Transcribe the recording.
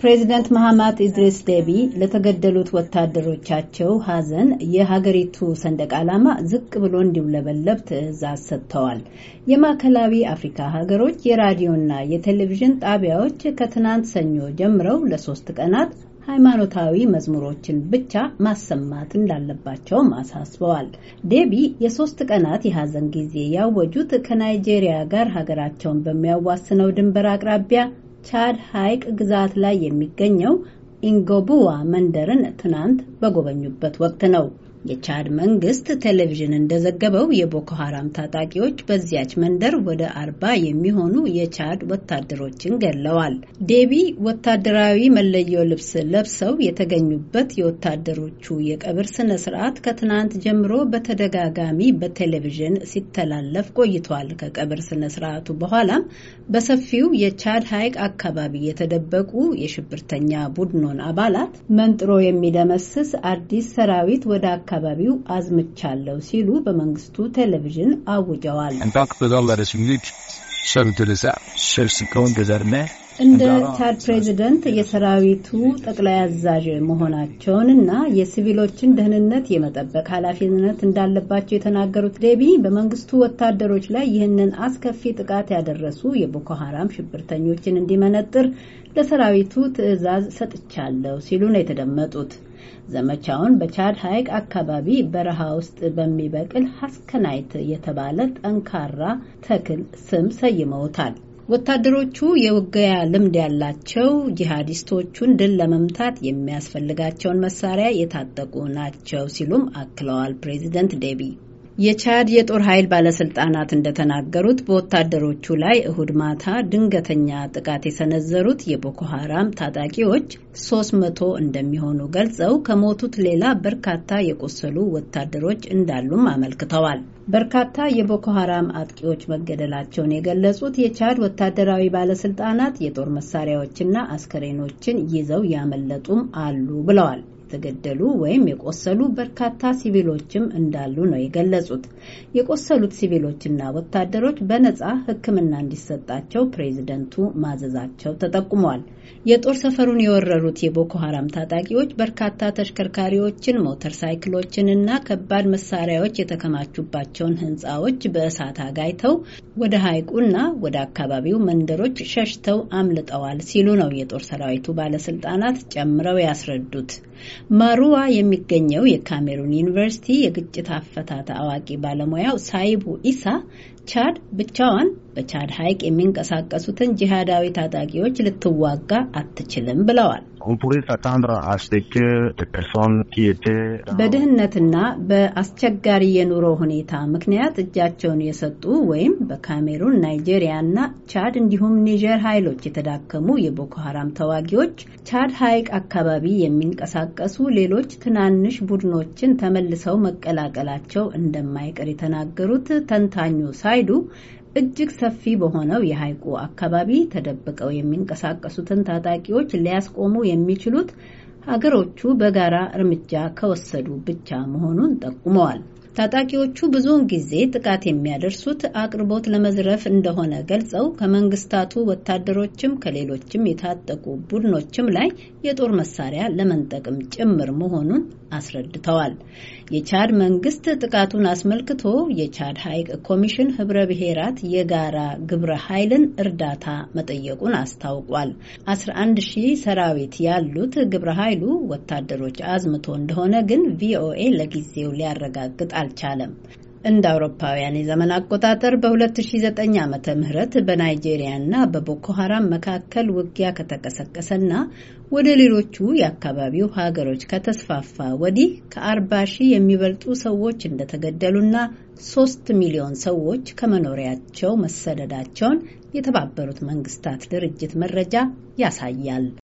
ፕሬዚደንት መሐማት ኢድሪስ ዴቢ ለተገደሉት ወታደሮቻቸው ሐዘን የሀገሪቱ ሰንደቅ ዓላማ ዝቅ ብሎ እንዲውለበለብ ትዕዛዝ ሰጥተዋል። የማዕከላዊ አፍሪካ ሀገሮች የራዲዮና የቴሌቪዥን ጣቢያዎች ከትናንት ሰኞ ጀምረው ለሶስት ቀናት ሃይማኖታዊ መዝሙሮችን ብቻ ማሰማት እንዳለባቸውም አሳስበዋል። ዴቢ የሶስት ቀናት የሐዘን ጊዜ ያወጁት ከናይጄሪያ ጋር ሀገራቸውን በሚያዋስነው ድንበር አቅራቢያ ቻድ ሐይቅ ግዛት ላይ የሚገኘው ኢንጎቡዋ መንደርን ትናንት በጎበኙበት ወቅት ነው። የቻድ መንግስት ቴሌቪዥን እንደዘገበው የቦኮ ሀራም ታጣቂዎች በዚያች መንደር ወደ አርባ የሚሆኑ የቻድ ወታደሮችን ገድለዋል። ዴቢ ወታደራዊ መለዮ ልብስ ለብሰው የተገኙበት የወታደሮቹ የቀብር ስነ ስርዓት ከትናንት ጀምሮ በተደጋጋሚ በቴሌቪዥን ሲተላለፍ ቆይቷል። ከቀብር ስነ ስርዓቱ በኋላም በሰፊው የቻድ ሐይቅ አካባቢ የተደበቁ የሽብርተኛ ቡድኑን አባላት መንጥሮ የሚደመስስ አዲስ ሰራዊት ወደ በአካባቢው አዝምቻለሁ ሲሉ በመንግስቱ ቴሌቪዥን አውጀዋል። እንደ ቻድ ፕሬዚደንት የሰራዊቱ ጠቅላይ አዛዥ መሆናቸውንና የሲቪሎችን ደህንነት የመጠበቅ ኃላፊነት እንዳለባቸው የተናገሩት ዴቢ በመንግስቱ ወታደሮች ላይ ይህንን አስከፊ ጥቃት ያደረሱ የቦኮ ሀራም ሽብርተኞችን እንዲመነጥር ለሰራዊቱ ትዕዛዝ ሰጥቻለሁ ሲሉ ነው የተደመጡት። ዘመቻውን በቻድ ሐይቅ አካባቢ በረሃ ውስጥ በሚበቅል ሀስከናይት የተባለ ጠንካራ ተክል ስም ሰይመውታል። ወታደሮቹ የውጊያ ልምድ ያላቸው ጂሃዲስቶቹን ድል ለመምታት የሚያስፈልጋቸውን መሳሪያ የታጠቁ ናቸው ሲሉም አክለዋል ፕሬዚደንት ዴቢ የቻድ የጦር ኃይል ባለስልጣናት እንደተናገሩት በወታደሮቹ ላይ እሁድ ማታ ድንገተኛ ጥቃት የሰነዘሩት የቦኮ ሀራም ታጣቂዎች 300 መቶ እንደሚሆኑ ገልጸው ከሞቱት ሌላ በርካታ የቆሰሉ ወታደሮች እንዳሉም አመልክተዋል። በርካታ የቦኮ ሀራም አጥቂዎች መገደላቸውን የገለጹት የቻድ ወታደራዊ ባለስልጣናት የጦር መሳሪያዎችና አስከሬኖችን ይዘው ያመለጡም አሉ ብለዋል። የተገደሉ ወይም የቆሰሉ በርካታ ሲቪሎችም እንዳሉ ነው የገለጹት። የቆሰሉት ሲቪሎችና ወታደሮች በነጻ ሕክምና እንዲሰጣቸው ፕሬዚደንቱ ማዘዛቸው ተጠቁሟል። የጦር ሰፈሩን የወረሩት የቦኮ ሀራም ታጣቂዎች በርካታ ተሽከርካሪዎችን፣ ሞተር ሳይክሎችንና ከባድ መሳሪያዎች የተከማቹባቸውን ህንፃዎች በእሳት አጋይተው ወደ ሐይቁና ወደ አካባቢው መንደሮች ሸሽተው አምልጠዋል ሲሉ ነው የጦር ሰራዊቱ ባለስልጣናት ጨምረው ያስረዱት። ማሩዋ የሚገኘው የካሜሩን ዩኒቨርሲቲ የግጭት አፈታት አዋቂ ባለሙያው ሳይቡ ኢሳ ቻድ ብቻዋን በቻድ ሐይቅ የሚንቀሳቀሱትን ጂሃዳዊ ታጣቂዎች ልትዋጋ አትችልም ብለዋል። በድህነትና በአስቸጋሪ የኑሮ ሁኔታ ምክንያት እጃቸውን የሰጡ ወይም በካሜሩን፣ ናይጄሪያ እና ቻድ እንዲሁም ኒጀር ኃይሎች የተዳከሙ የቦኮ ሀራም ተዋጊዎች ቻድ ሐይቅ አካባቢ የሚንቀሳቀሱ ሌሎች ትናንሽ ቡድኖችን ተመልሰው መቀላቀላቸው እንደማይቀር የተናገሩት ተንታኙ ሳይዱ እጅግ ሰፊ በሆነው የሐይቁ አካባቢ ተደብቀው የሚንቀሳቀሱትን ታጣቂዎች ሊያስቆሙ የሚችሉት ሀገሮቹ በጋራ እርምጃ ከወሰዱ ብቻ መሆኑን ጠቁመዋል። ታጣቂዎቹ ብዙውን ጊዜ ጥቃት የሚያደርሱት አቅርቦት ለመዝረፍ እንደሆነ ገልጸው ከመንግስታቱ ወታደሮችም ከሌሎችም የታጠቁ ቡድኖችም ላይ የጦር መሳሪያ ለመንጠቅም ጭምር መሆኑን አስረድተዋል። የቻድ መንግስት ጥቃቱን አስመልክቶ የቻድ ሐይቅ ኮሚሽን ህብረ ብሔራት የጋራ ግብረ ኃይልን እርዳታ መጠየቁን አስታውቋል። 11 ሺህ ሰራዊት ያሉት ግብረ ኃይሉ ወታደሮች አዝምቶ እንደሆነ ግን ቪኦኤ ለጊዜው ሊያረጋግጣል። አልቻለም። እንደ አውሮፓውያን የዘመን አቆጣጠር በ2009 ዓመተ ምህረት በናይጄሪያና በቦኮ ሀራም መካከል ውጊያ ከተቀሰቀሰና ወደ ሌሎቹ የአካባቢው ሀገሮች ከተስፋፋ ወዲህ ከ40 ሺህ የሚበልጡ ሰዎች እንደተገደሉና 3 ሚሊዮን ሰዎች ከመኖሪያቸው መሰደዳቸውን የተባበሩት መንግስታት ድርጅት መረጃ ያሳያል።